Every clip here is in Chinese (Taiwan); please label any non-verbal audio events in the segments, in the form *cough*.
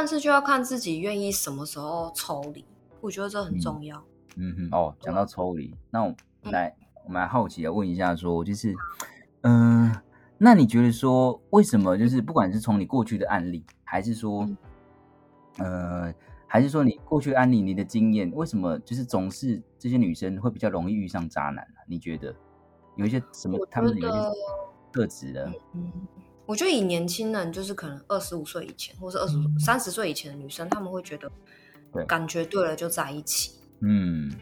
但是就要看自己願意什麼時候抽離，我覺得這很重要。嗯哼、嗯，哦，講到抽離，對那我來，我蠻好奇的問一下說，說就是，嗯、呃，那你覺得說為什麼就是不管是從你過去的案例，嗯、還是說，呃，還是說你過去案例你的經驗，為什麼就是總是這些女生會比較容易遇上渣男，你覺得有一些什麼他們的特質的？嗯嗯我覺得以年輕人，就是可能二十五歲以前，或是二十、三十歲以前的女生，她、嗯、們會覺得，對感覺對了就在一起。嗯。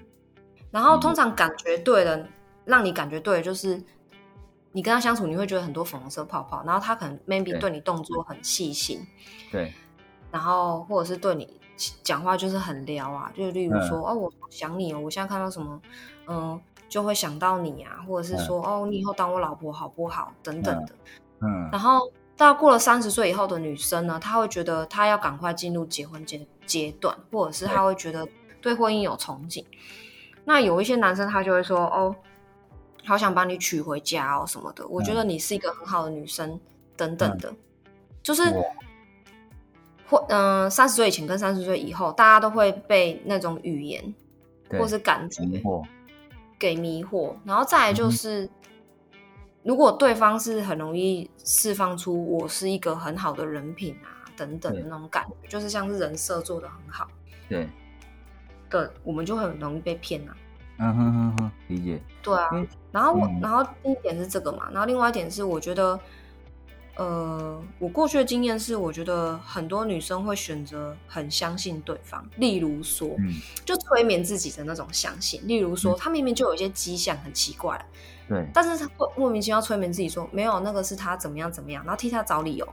然後通常感覺對了，嗯、讓你感覺對，就是你跟他相處，你會覺得很多粉紅色泡泡。然後他可能 maybe 對你動作很細心對。對。然後或者是對你講話就是很撩啊，就例如說、嗯、哦，我想你，哦，我現在看到什麼，嗯，就會想到你啊，或者是說、嗯、哦，你以後當我老婆好不好？等等的。嗯嗯、然後到過了三十歲以後的女生呢，她會覺得她要趕快進入結婚階階段，或者是她會覺得對婚姻有憧憬。對那有一些男生他就會說：“哦，好想把你娶回家哦什麼的。”我覺得你是一個很好的女生，嗯、等等的，嗯、就是或嗯，三十哇、呃、歲以前跟三十歲以後，大家都會被那種語言對或是感覺迷惑給迷惑，然後再來就是。嗯如果對方是很容易釋放出我是一個很好的人品啊、等等的那種感覺，對就是像是人設做的很好，對，對，我們就很容易被騙吶、啊。嗯哼哼哼，理解。對啊，嗯、然後我然後第一點是這個嘛，然後另外一點是我覺得。呃，我過去的經驗是，我覺得很多女生會選擇很相信對方，例如說，嗯、就催眠自己的那種相信。例如說，嗯、她明明就有一些跡象很奇怪，對，但是她會莫名其妙催眠自己說，沒有那個是他怎麼樣怎麼樣，然後替他找理由。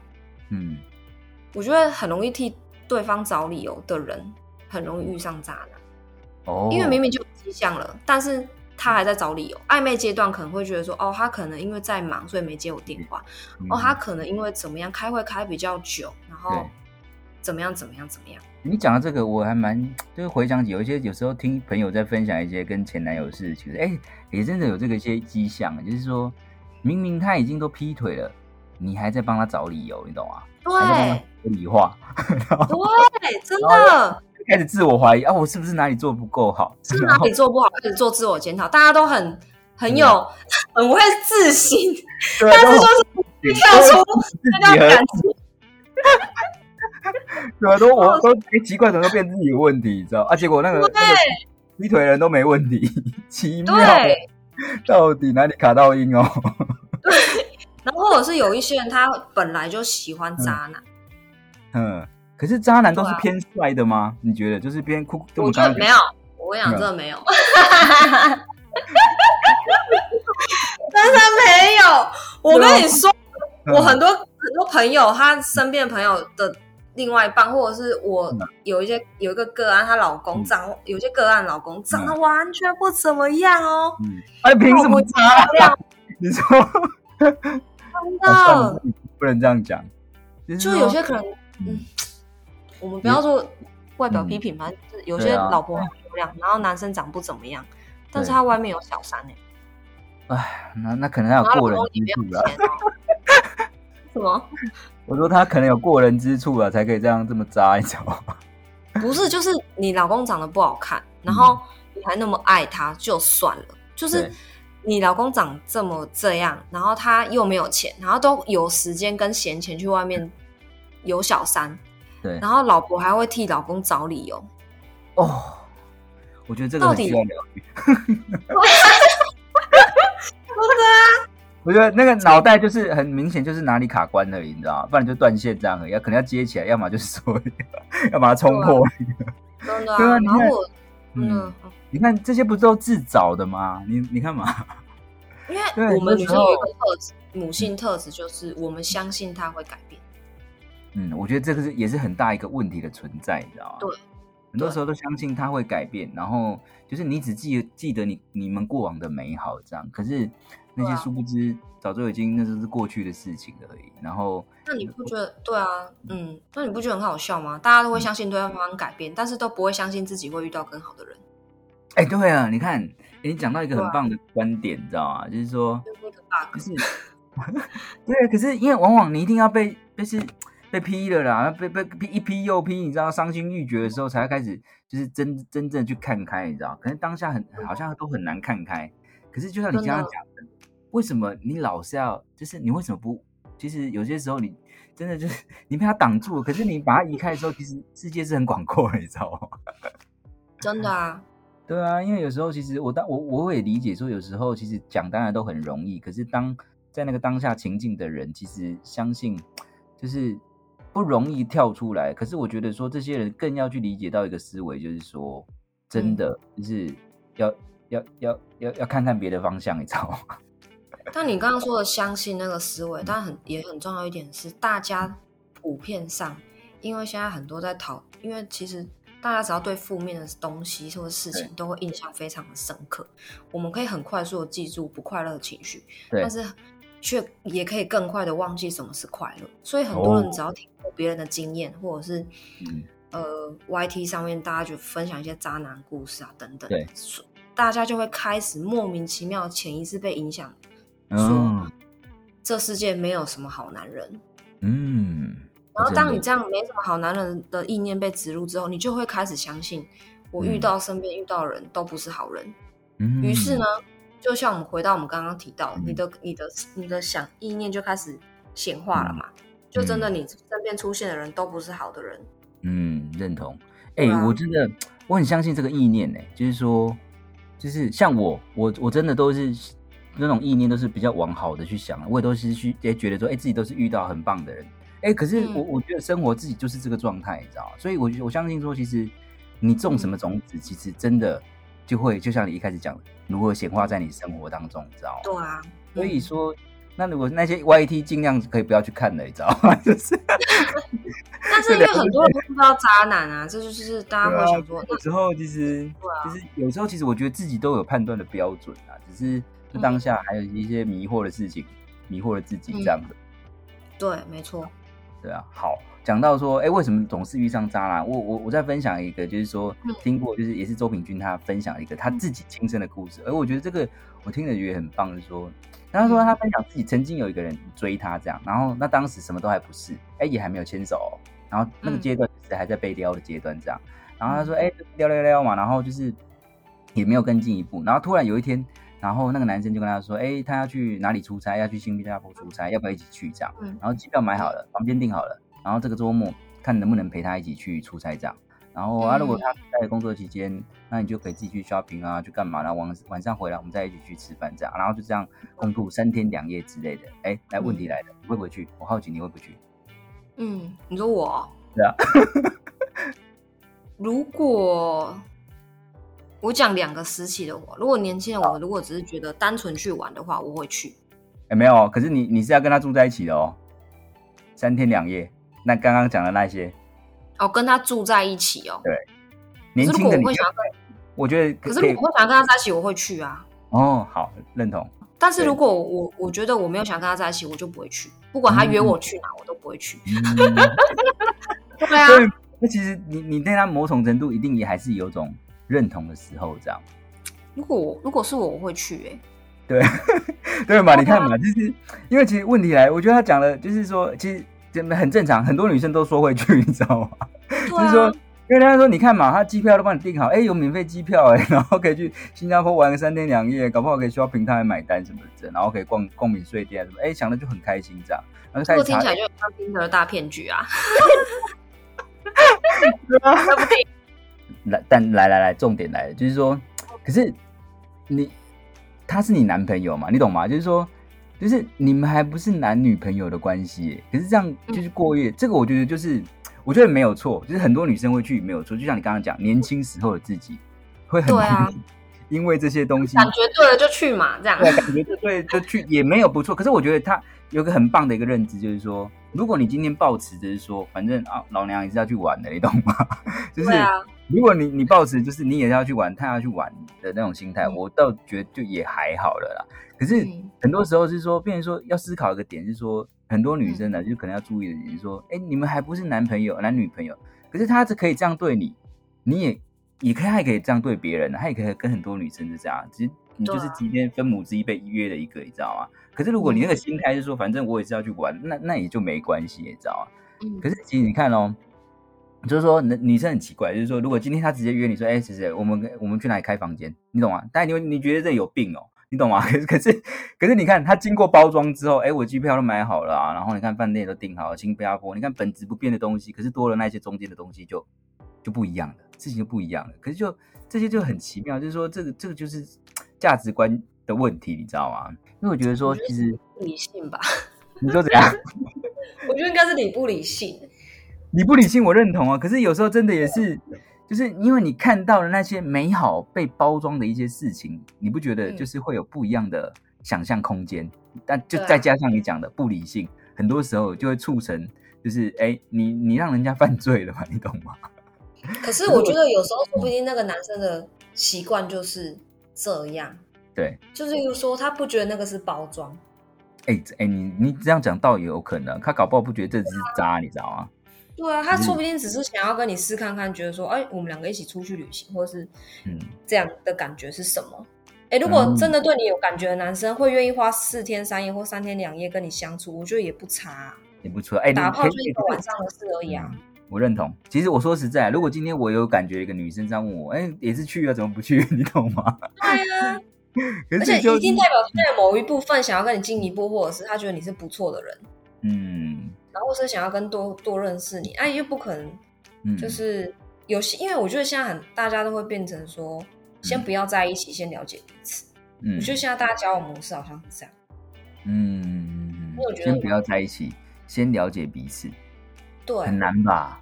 嗯，我覺得很容易替對方找理由的人，很容易遇上渣男。哦，因為明明就有跡象了，但是，他還在找理由。曖昧階段可能會覺得說，哦，他可能因為在忙，所以沒接我電話。嗯、哦，他可能因為怎麼樣，開會開比較久，然後怎麼樣，怎麼樣，怎麼樣。你講的這個，我還蠻就是回想起，有一些有時候聽朋友在分享一些跟前男友的事情，哎、欸，也真的有這個一些跡象，就是說明明他已經都劈腿了，你還在幫他找理由，你懂嗎？對，理話，對，真的。 *laughs* 開始自我懷疑啊，我是不是哪裡做不夠好？是哪裡做不好？開始做自我檢討，大家都很很有很會自信。對，但是說是，跳不出那段感情。很多我都奇怪，怎麼都變自己有問題？你知道啊？結果那個劈腿人都沒問題，奇妙。到底哪裡卡到音哦？對。然後或者是有一些人，他本來就喜歡渣男。嗯。可是渣男都是偏帥的嗎？你覺得就是偏酷的？沒有，我想真的沒有，真的沒有。我跟你說，我很多很多朋友，他身邊的朋友的另外一半，或者是我有一些有一個個案，她老公長，有些個案老公長得完全不怎麼樣哦。哎，憑什麼渣？你說？不能這樣講。就有些可能。我們不要說外表批評吧，嗯、反正就是有些老婆很漂亮，啊、然後男生長不怎麼樣，對但是他外面有小三呢、欸。哎，那那可能他有過人之處了。啊、 *laughs* 什麼？我說他可能有過人之處了、啊， *laughs* 才可以這樣這麼渣，你知道嗎？不是，就是你老公長得不好看，嗯、然後你還那麼愛他，就算了。就是你老公長這麼這樣，然後他又沒有錢，然後都有時間跟閒錢去外面有小三。對，然後老婆還會替老公找理由。哦，我覺得這個是需要哈的。我覺得那個腦袋就是很明顯，就是哪裡卡關了，你知道，不然就斷線這樣而已，可能要接起來，要麼就是說，要把它衝破。對啊，然後我，嗯，你看這些不都自找的嗎？你你看嘛，因為我們女生有個特質，母性特質，就是我們相信他會改變。嗯，我覺得這個是也是很大一個問題的存在，你知道嗎、啊？對對，很多時候都相信他會改變，然後就是你只記記得你你們過往的美好這樣，可是那些殊不知、啊、早就已經那就是過去的事情而已。然後那你不覺得、嗯、對啊？嗯，那你不覺得很好笑嗎？大家都會相信對方改變，對但是都不會相信自己會遇到更好的人。哎，對啊，你看、哎，你講到一個很棒的觀點，啊、知道嗎、啊？就是說，那個、個就是 *laughs* 對、啊，可是因為往往你一定要被，就是。被劈了啦，被被劈，一劈又劈，你知道傷心欲絕的時候，才開始就是真真正去看開，你知道？可能當下很好像都很難看開，可是就像你剛剛講，的為什麼你老是要就是你為什麼不？其實有些時候你真的就是你被它擋住了，可是你把它移開的時候，其實世界是很廣闊的，你知道嗎？真的啊，對啊，因為有時候其實我當我我也理解說，有時候其實講當然都很容易，可是當在那個當下情境的人，其實相信就是。不容易跳出來，可是我覺得說，這些人更要去理解到一個思維，就是說，真的就是要要要要要看看別的方向一，你知道嗎？但你剛剛說的相信那個思維，但很也很重要一點是，大家普遍上，因為現在很多在討，因為其實大家只要對負面的東西或者事情都會印象非常的深刻，我們可以很快速的記住不快樂的情緒，對但是。卻也可以更快的忘記什麼是快樂，所以很多人只要聽過別人的經驗，或者是、嗯、呃 Y T 上面大家就分享一些渣男故事啊等等，對大家就會開始莫名其妙潛意識被影響，哦、說這世界沒有什麼好男人，嗯，然後當你這樣沒什麼好男人的意念被植入之後，你就會開始相信我遇到身邊遇到的人都不是好人，於、嗯、是呢。就像我們回到我們剛剛提到，嗯、你的、你的、你的想意念就開始顯化了嘛？嗯、就真的，你身邊出現的人都不是好的人。嗯，認同。哎、欸，啊、我真的，我很相信這個意念、欸。呢，就是說，就是像我，我我真的都是那種意念，都是比較往好的去想。我也都是去也覺得說，哎、欸，自己都是遇到很棒的人。哎、欸，可是我、嗯、我覺得生活自己就是這個狀態，你知道？所以我，我我相信說，其實你種什麼種子，嗯、其實真的。就會就像你一開始講，如何顯化在你生活當中，你知道嗎？對啊，所以說，嗯、那如果那些 Y T 盡量可以不要去看了，你知道嗎？就是、 *laughs* 但是因為很多人不知道渣男啊， *laughs* 啊這就是大家會想說、啊、那有時候其實、啊、其實有時候其實我覺得自己都有判斷的標準啊，只是就當下還有一些迷惑的事情，嗯、迷惑了自己這樣的。對，沒錯。對啊，好講到說，哎、欸，為什麼總是遇上渣男？我我我再分享一個，就是說聽過，就是也是周品均他分享一個他自己親身的故事，嗯、而我覺得這個我聽着也很棒，就是說，他說他分享自己曾經有一個人追他這樣，然後那當時什麼都還不是，哎、欸，也還沒有牽手、哦，然後那個階段是還在被撩的階段這樣，然後他說，哎、欸，撩撩撩嘛，然後就是也沒有更進一步，然後突然有一天。然後那個男生就跟他說：“哎，他要去哪裡出差？要去新加坡出差，要不要一起去這樣？嗯、然後機票買好了，房間訂好了，然後這個周末看能不能陪他一起去出差這樣。然後啊，如果他在工作期間，嗯、那你就可以自己去 shopping 啊，去幹嘛？然後晚晚上回來，我們再一起去吃飯這樣。然後就這樣共度三天兩夜之類的。哎，那、嗯、問題來了，你會不會去？我好奇你會不會去。嗯，你說我對啊？如果、啊…… *laughs* 如果我講兩個時期的話，如果年輕人，我如果只是覺得單純去玩的話，我會去。哎、欸，沒有，可是你你是要跟他住在一起的哦，三天兩夜。那剛剛講的那些，哦，跟他住在一起哦。對，年輕的你會想要跟，我覺得可，可是我會想要跟他在一起，我會去啊。哦，好，認同。但是如果我對我，我覺得我沒有想跟他在一起，我就不會去。不管他約我去哪，嗯、我都不會去。嗯、 *laughs* 對啊，那其實你你對他某種程度一定也還是有種。認同的時候，這樣。如果如果是我，我會去哎、欸。對 *laughs* 對嘛，你看嘛，就是因為其實問題來，我覺得他講的就是說其實很很正常，很多女生都說會去，你知道嗎？啊、就是說，因為他說你看嘛，他機票都幫你訂好，哎、欸，有免費機票哎、欸，然後可以去新加坡玩個三天兩夜，搞不好可以需要平台買單什麼的，然後可以逛逛免稅店什麼，哎、欸，想的就很開心這樣。然後聽起來就他大騙子大騙局啊！來，但來來來，重點來了，就是說，可是你他是你男朋友嘛，你懂嗎？就是說，就是你們還不是男女朋友的關係，可是這樣就是過夜，嗯、這個我覺得就是，我覺得沒有錯，就是很多女生會去沒有錯，就像你剛剛講，年輕時候的自己會很、對啊。因為這些東西，感覺對了就去嘛，這樣對，感覺對就去，也沒有不錯。 *laughs* 可是我覺得他有個很棒的一個認知，就是說，如果你今天抱持，就是說，反正啊，老娘也是要去玩的，你懂嗎？就是，對啊、如果你你抱持，就是你也是要去玩，他要去玩的那種心態，嗯、我倒覺得就也還好了啦。可是很多時候是說，變成說要思考一個點，是說很多女生呢，嗯、就可能要注意的，就是說，哎，你們還不是男朋友、男女朋友，可是他只可以這樣對你，你也。也可以，他也可以這樣對別人，他也可以跟很多女生是這樣。其實你就是今天分母之一被約了一個，你、啊、知道嗎？可是如果你那個心態是說，嗯、反正我也是要去玩，那那也就沒關係、欸，你知道嗎？嗯、可是其實你看哦、喔，就是說女女生很奇怪，就是說如果今天他直接約你說，哎、欸，姐姐，我們我們去哪裡開房間？你懂嗎、啊？但你你覺得這有病哦，你懂嗎、啊？可是可是可是你看，他經過包裝之後，哎、欸，我機票都買好了、啊，然後你看飯店都訂好了，新加坡，你看本質不變的東西，可是多了那些中間的東西就就不一樣的。事情就不一樣了，可是就這些就很奇妙，就是說這個這個就是價值觀的問題，你知道嗎？因為我覺得說其實不理性吧，你說怎樣？ *laughs* 我覺得應該是你不理性，你不理性我認同啊、哦。可是有時候真的也是，對就是因為你看到了那些美好被包裝的一些事情，你不覺得就是會有不一樣的想象空間？嗯、但就再加上你講的對不理性，很多時候就會促成，就是哎，你你讓人家犯罪了嘛，你懂嗎？可是我覺得有時候說不定那個男生的習慣就是這樣，對，就是說他不覺得那個是包裝。哎哎、欸欸，你你這樣講倒也有可能，他搞不好不覺得這只是渣。啊、你知道嗎？對啊，他說不定只是想要跟你試看看，嗯、覺得說，哎、欸，我們兩個一起出去旅行，或者是嗯這樣的感覺是什麼？哎、欸，如果真的對你有感覺的男生會願意花四天三夜或三天兩夜跟你相處，我覺得也不差，也不錯。哎、欸，打炮就一個晚上的事而已啊。嗯我認同。其實我說實在，如果今天我有感覺一個女生在問我，哎、欸，也是去啊，怎麼不去？你懂嗎？對啊， *laughs* 就而且一定代表他在有某一部分想要跟你進一步，嗯、或者是他覺得你是不錯的人，嗯，然後或者是想要跟多多認識你，哎、啊，又不可能，嗯、就是有些，因為我覺得現在很大家都會變成說，嗯、先不要在一起，先了解彼此。嗯，我覺得現在大家交往模式好像是這樣，嗯，先不要在一起，先了解彼此，對，很難吧？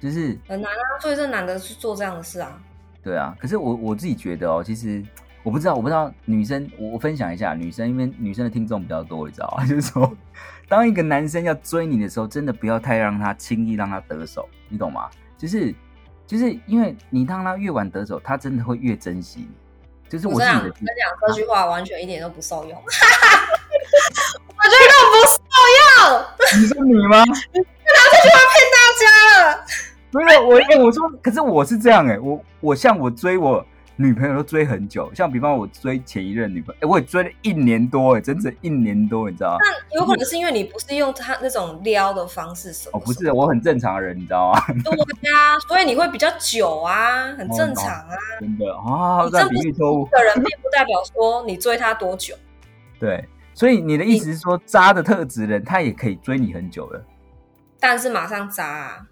就是很難啊，追這男的去做這樣的事啊。對啊，可是我我自己覺得哦，其實我不知道，我不知道女生，我分享一下女生，因為女生的聽眾比較多，你知道啊，就是說，當一個男生要追你的時候，真的不要太讓他輕易讓他得手，你懂嗎？就是就是因為你讓他越晚得手，他真的會越珍惜你。就是我講，我講這句話、啊、完全一點都不受用， *laughs* 我覺得的不受用。你是說你嗎？你拿這句話沒有，我我說，可是我是這樣哎，我我像我追我女朋友都追很久，像比方我追前一任女朋友，哎，我也追了一年多哎，整整一年多，嗯、你知道？那有可能是因為你不是用他那種撩的方式，哦，不是，我很正常的人，你知道嗎？對啊，所以你會比較久啊，很正常啊，哦哦、真的啊。在、哦、比喻優秀的人，並不代表說你追他多久。對，所以你的意思是說，你渣的特質人，他也可以追你很久了，但是馬上渣、啊。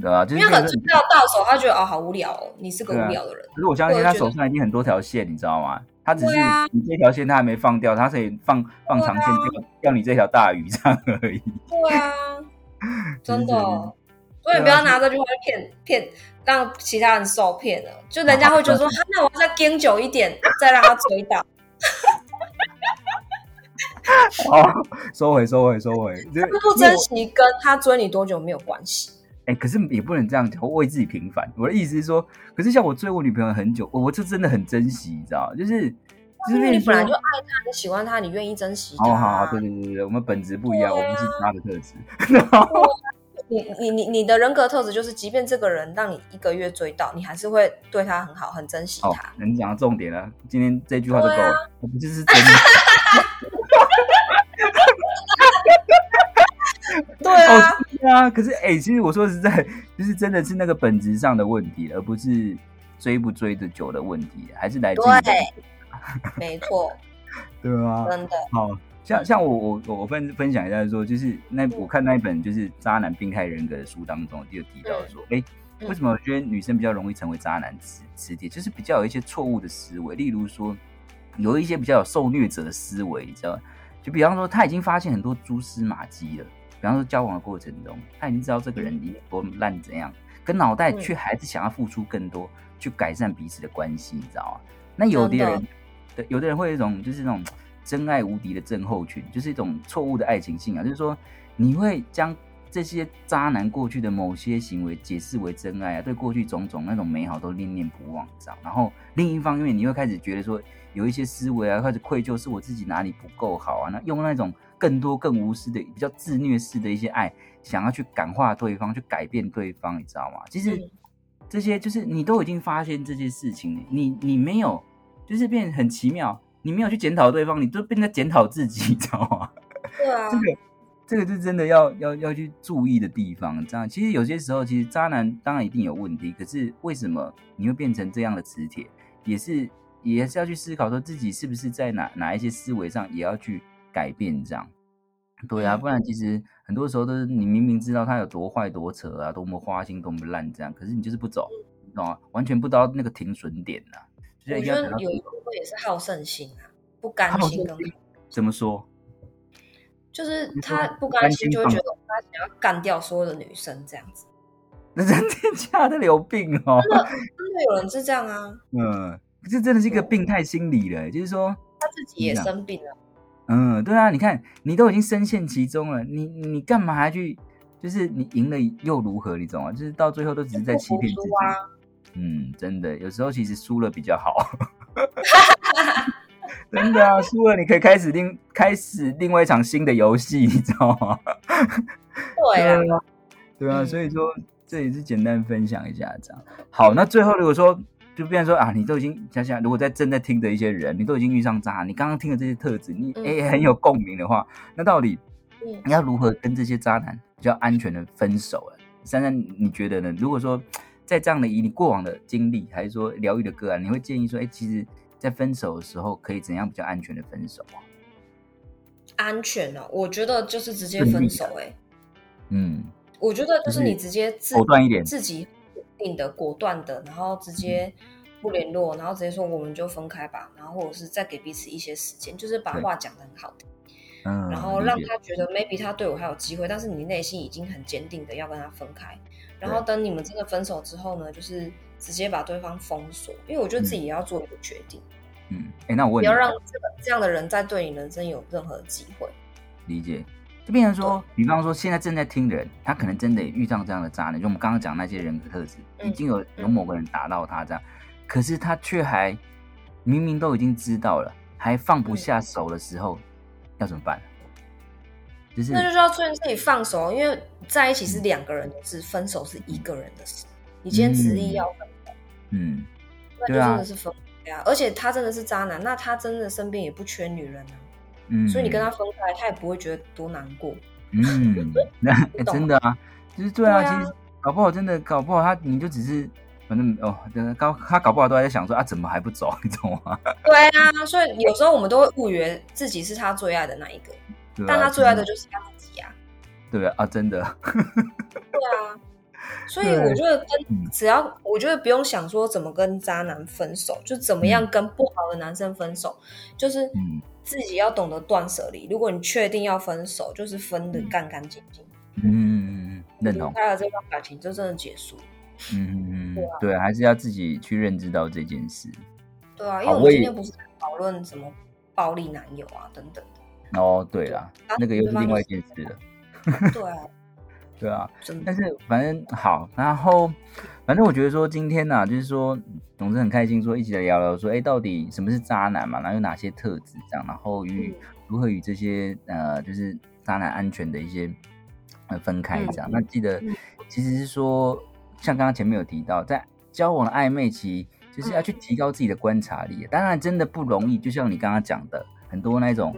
對吧？啊就是、因為他追道到手，他覺得哦，好無聊、哦，你是個無聊的人、啊。可是我相信他手上已經很多條線，啊、你知道嗎？他只是你這條線他還沒放掉，他可以放、啊、放長線就釣你這條大魚這樣而已。對啊， *laughs* 真的，是是，所以不要拿着句話騙騙讓其他人受騙了。就人家會覺得說，那、啊、我再盯久一點， *laughs* 再讓他追到。好、 *laughs* 哦，收回，收回，收回。他不珍惜跟他追你多久沒有關係。哎、欸，可是也不能這樣講，我為自己平反。我的意思是說，可是像我追我女朋友很久，我我就真的很珍惜，你知道？就是，就是因為你本來就愛他，你喜歡他，你願意珍惜、啊。好好好，對對對對，我們本質不一樣，啊、我們是他的特質、啊然後。你你你你的人格特質就是，即便這個人讓你一個月追到，你還是會對他很好，很珍惜他。哦、能講到重點了，今天這句話就夠了，啊、我們就是真的？ *laughs* *laughs* *laughs* 對啊、哦、啊，可是哎、欸，其實我說實在，就是真的是那個本質上的問題，而不是追不追得久的問題，還是來自於，沒錯，對啊，真的，好，像像我我我分我分、分享一下說，就是那、嗯、我看那一本就是《渣男病態人格》的書當中，就提到說，哎、欸，為什麼我覺得女生比較容易成為渣男磁磁鐵，就是比較有一些錯誤的思維，例如說，有一些比較有受虐者的思維，你知道嗎？就比方說，他已經發現很多蛛絲馬跡了。比方說，交往的過程中，他已經知道這個人有多爛怎樣，可、嗯、腦袋卻還是想要付出更多，嗯、去改善彼此的關係，你知道嗎、啊？那有的人，對的，有的人會有一種就是那種真愛無敵的症候群，就是一種錯誤的愛情信仰、啊，就是說你會將這些渣男過去的某些行為解釋為真愛啊，對過去種種那種美好都念念不忘，你知道？然後另一方面，你會開始覺得說有一些思維啊，開始愧疚，是我自己哪裡不夠好啊？那用那種。更多更無私的比較自虐式的一些愛，想要去感化對方，去改變對方，你知道嗎？其實這些就是你都已經發現這些事情，你你沒有，就是變很奇妙，你沒有去檢討對方，你都變在檢討自己，你知道嗎？對啊，這個這個是真的要要要去注意的地方。這樣其實有些時候，其實渣男當然一定有問題，可是為什麼你會變成這樣的磁鐵，也是也是要去思考說自己是不是在哪哪一些思維上也要去改變這樣。對啊，不然其實很多時候都是你明明知道他有多壞、多扯啊，多麼花心、多麼爛這樣，可是你就是不走，你知道嗎？完全不知道那個停損點啊，我覺得有一部分也是好勝心啊，不甘心。好勝心，怎麼說？就是他不甘心，就會覺得他想要幹掉所有的女生這樣子。那人家的有病哦，真的有人是這樣啊。嗯，這真的是一個病態心理了欸，就是說他自己也生病了。嗯，對啊，你看，你都已經深陷其中了，你你幹嘛還去？就是你贏了又如何？你知道嗎？就是到最後都只是在欺騙自己。啊、嗯，真的，有時候其實輸了比較好。 *laughs* *laughs* *laughs* 真的啊，輸了你可以開始另開始另外一場新的遊戲，你知道嗎？ *laughs* 對啊，對啊，所以說、嗯、這也是簡單分享一下，這樣。好，那最後如果說。就比如說啊，你都已經想想，如果在正在聽的一些人，你都已經遇上渣，你剛剛聽的這些特質，你也、嗯欸、很有共鳴的話，那到底、嗯、你要如何跟這些渣男比較安全的分手啊？33，你覺得呢？如果說在這樣的以你過往的經歷，還是說療癒的個案，你會建議說，哎、欸，其實在分手的時候可以怎樣比較安全的分手啊？安全呢、啊？我覺得就是直接分手、欸，哎、啊，嗯，我覺得就是你直接自果斷一點，自己。定的果斷的，然後直接不聯絡，嗯、然後直接說我們就分開吧，然後或者是再給彼此一些時間，就是把話講得很好、嗯、然後讓他覺得，理解，maybe 他對我還有機會，但是你內心已經很堅定的要跟他分開。然後等你們真的分手之後呢，對，就是直接把對方封鎖，因為我覺得自己也要做一個決定。嗯，嗯，誒，那我你要讓這個這樣的人再對你人生有任何機會，理解。就變成說，比方說現在正在聽的人，他可能真的也遇上這樣的渣男，就我們剛剛講那些人格特質，已經有有某個人打到他這樣，嗯嗯、可是他卻還明明都已經知道了，還放不下手的時候，對要怎麼辦？就是那就是要出現自己放手，因為在一起是兩個人的事，分手是一個人的事。嗯、你今天執意要分，嗯，那就真的是分啊！對啊，而且他真的是渣男，那他真的身邊也不缺女人，啊。嗯、所以你跟他分開，他也不會覺得多難過。嗯，那 *laughs* 嗎、欸，真的啊，就是對啊，對啊，其實搞不好真的，搞不好他你就只是，反正哦，他搞不好都還在想說啊，怎麼還不走？你懂嗎、啊？對啊，所以有時候我們都會誤以為自己是他最愛的那一個，對啊，但他最愛的就是他自己啊。對，啊，對啊，啊，真的。對啊。所以我覺得，跟只要我覺得不用想說怎麼跟渣男分手，就怎麼樣跟不好的男生分手，就是自己要懂得斷捨離。如果你確定要分手，就是分得乾乾淨淨。嗯對嗯認同。他的這段感情就真的結束了。嗯嗯嗯，對、啊、對，還是要自己去認知到這件事。對啊，因為我們今天不是討論什麼暴力男友啊等等的。哦位，就 oh, 對啦，啊、那個又是另外一件事了。對。 *laughs* 對啊，的但是反正好，然後反正我覺得說今天呢、啊，就是說總之很開心說，說一起來聊聊說，說、欸、哎，到底什麼是渣男嘛？然後有哪些特質這樣？然後與、嗯、如何與這些呃，就是渣男安全的一些、呃、分開這樣？嗯、那記得其實是說，像剛剛前面有提到，在交往的曖昧期，就是要去提高自己的觀察力。嗯、當然真的不容易，就像你剛剛講的，很多那種。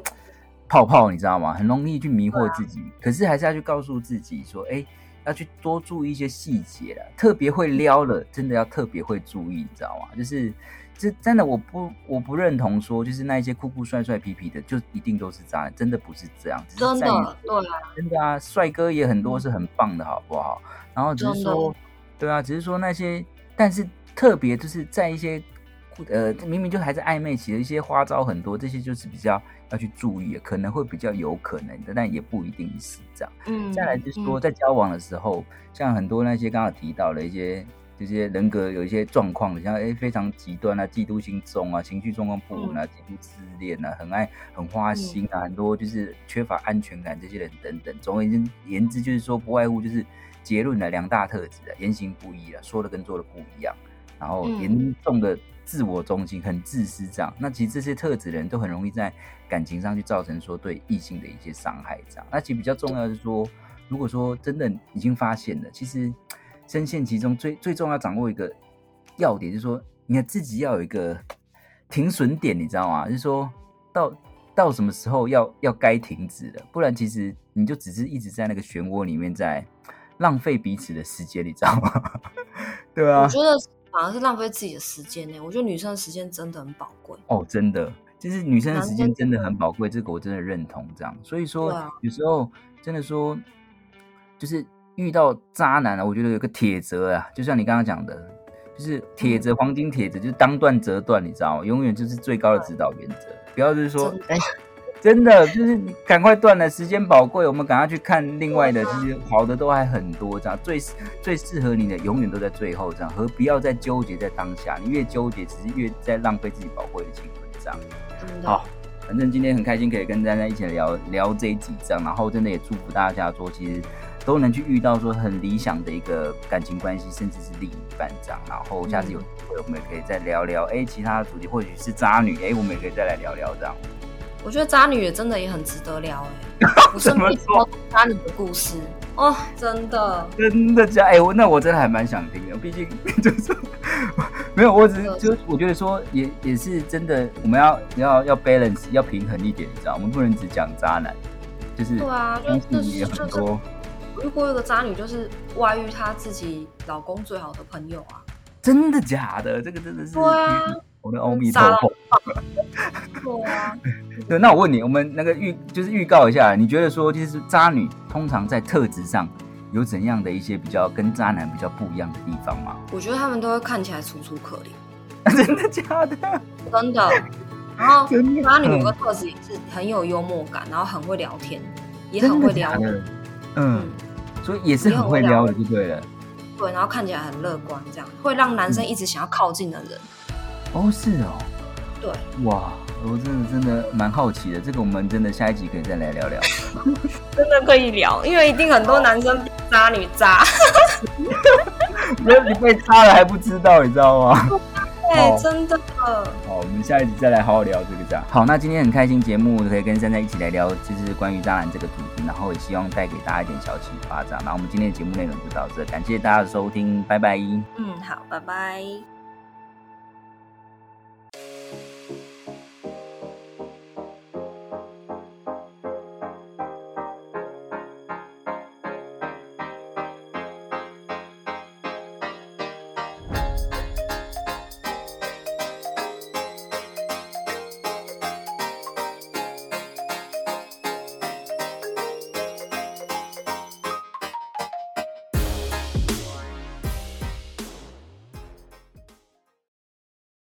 泡泡，你知道嗎？很容易去迷惑自己，啊、可是還是要去告訴自己說：哎、欸，要去多注意一些細節了。特別會撩的，真的要特別會注意，你知道嗎？就是，這真的我不我不認同說，就是那一些酷酷帥帥痞痞的，就一定都是渣男，真的不是這樣。是在真的對啊，真的啊，帥哥也很多是很棒的，好不好？然後只是說，對啊，只是說那些，但是特別就是在一些，呃，明明就還是曖昧期的一些花招很多，這些就是比較。要去注意，可能會比較有可能的，但也不一定是這樣。嗯，再來就是說，在交往的時候，嗯、像很多那些剛剛提到的一些，這些人格有一些狀況像哎、欸、非常極端啊，嫉妒心重啊，情緒狀況不穩啊，極度自戀啊，很愛很花心啊，嗯、很多就是缺乏安全感這些人等等。總而言之，言之就是說，不外乎就是結論的兩大特質啊，言行不一啊，說的跟做的不一樣。然後嚴重的自我中心，嗯、很自私這樣。那其實這些特質的人都很容易在感情上去造成說對異性的一些傷害這樣。那其實比較重要的是說，如果說真的已經發現了，其實深陷其中最最重要掌握一個要點，就是說你自己要有一個停損點，你知道嗎？就是說到到什麼時候要要該停止了，不然其實你就只是一直在那個漩渦裡面在浪費彼此的時間，你知道嗎？ *laughs* 對啊，反而、啊、是浪費自己的時間呢。我覺得女生的時間真的很寶貴哦，真的就是女生的時間真的很寶貴，這個我真的認同。這樣，所以說、啊、有時候真的說，就是遇到渣男啊，我覺得有個鐵則啊，就像你剛剛講的，就是鐵則，嗯、黃金鐵則，就是當斷則斷，你知道嗎？永遠就是最高的指導原則，對不要就是說。的真的就是，趕快斷了，時間寶貴，我們趕快去看另外的。其實好的都還很多，這樣最最適合你的永遠都在最後，這樣何必要再糾結在當下？你越糾結，其實越在浪費自己寶貴的時間，這樣。嗯、好，反正今天很開心，可以跟大家一起聊聊這幾張，然後真的也祝福大家說，其實都能去遇到說很理想的一個感情關係，甚至是另一半，這樣。然後下次有機會，我們也可以再聊聊。哎、嗯欸，其他的主題或許是渣女，哎、欸，我們也可以再來聊聊，這樣。我覺得渣女也真的也很值得聊，哎、欸， *laughs* 什麼 我甚至說渣女的故事 *laughs* 哦，真的真的假，哎、欸，我那我真的還蠻想聽的，畢竟就是 *laughs* 沒有，我只是就是我覺得說也也是真的，我們要要要 balance 要平衡一點，你知道嗎？我們不能只講渣男，就是對啊，就是，公司也很多，就是就是。如果有一個渣女，就是外遇，她自己老公最好的朋友啊，真的假的？這個真的是對啊，我的歐米陀佛了。 *laughs* 對,啊、對，那我問你，我們那個預就是預告一下，你覺得說，就是渣女通常在特質上有怎樣的一些比較跟渣男比較不一樣的地方嗎？我覺得他們都會看起來楚楚可憐、啊，真的假的？真的。然後渣的女有個特質也是很有幽默感，然後很會聊天，也很會撩人。嗯，嗯所以也是很會撩的，就對了。對，然後看起來很樂觀，這樣會讓男生一直想要靠近的人。嗯、哦，是哦。對，哇。我、哦、真的真的蠻好奇的，這個我們真的下一集可以再來聊聊， *laughs* 真的可以聊，因為一定很多男生渣女渣，哈哈沒有，你被渣了還不知道，你知道嗎？對，好真的好。好，我們下一集再來好好聊這個渣。好，那今天很開心，節目可以跟珊珊 *laughs* 一起來聊，就是關於渣男這個主題，然後也希望帶給大家一點小啟發。這樣，那我們今天的節目內容就到這，感謝大家的收聽，拜拜。嗯，好，拜拜。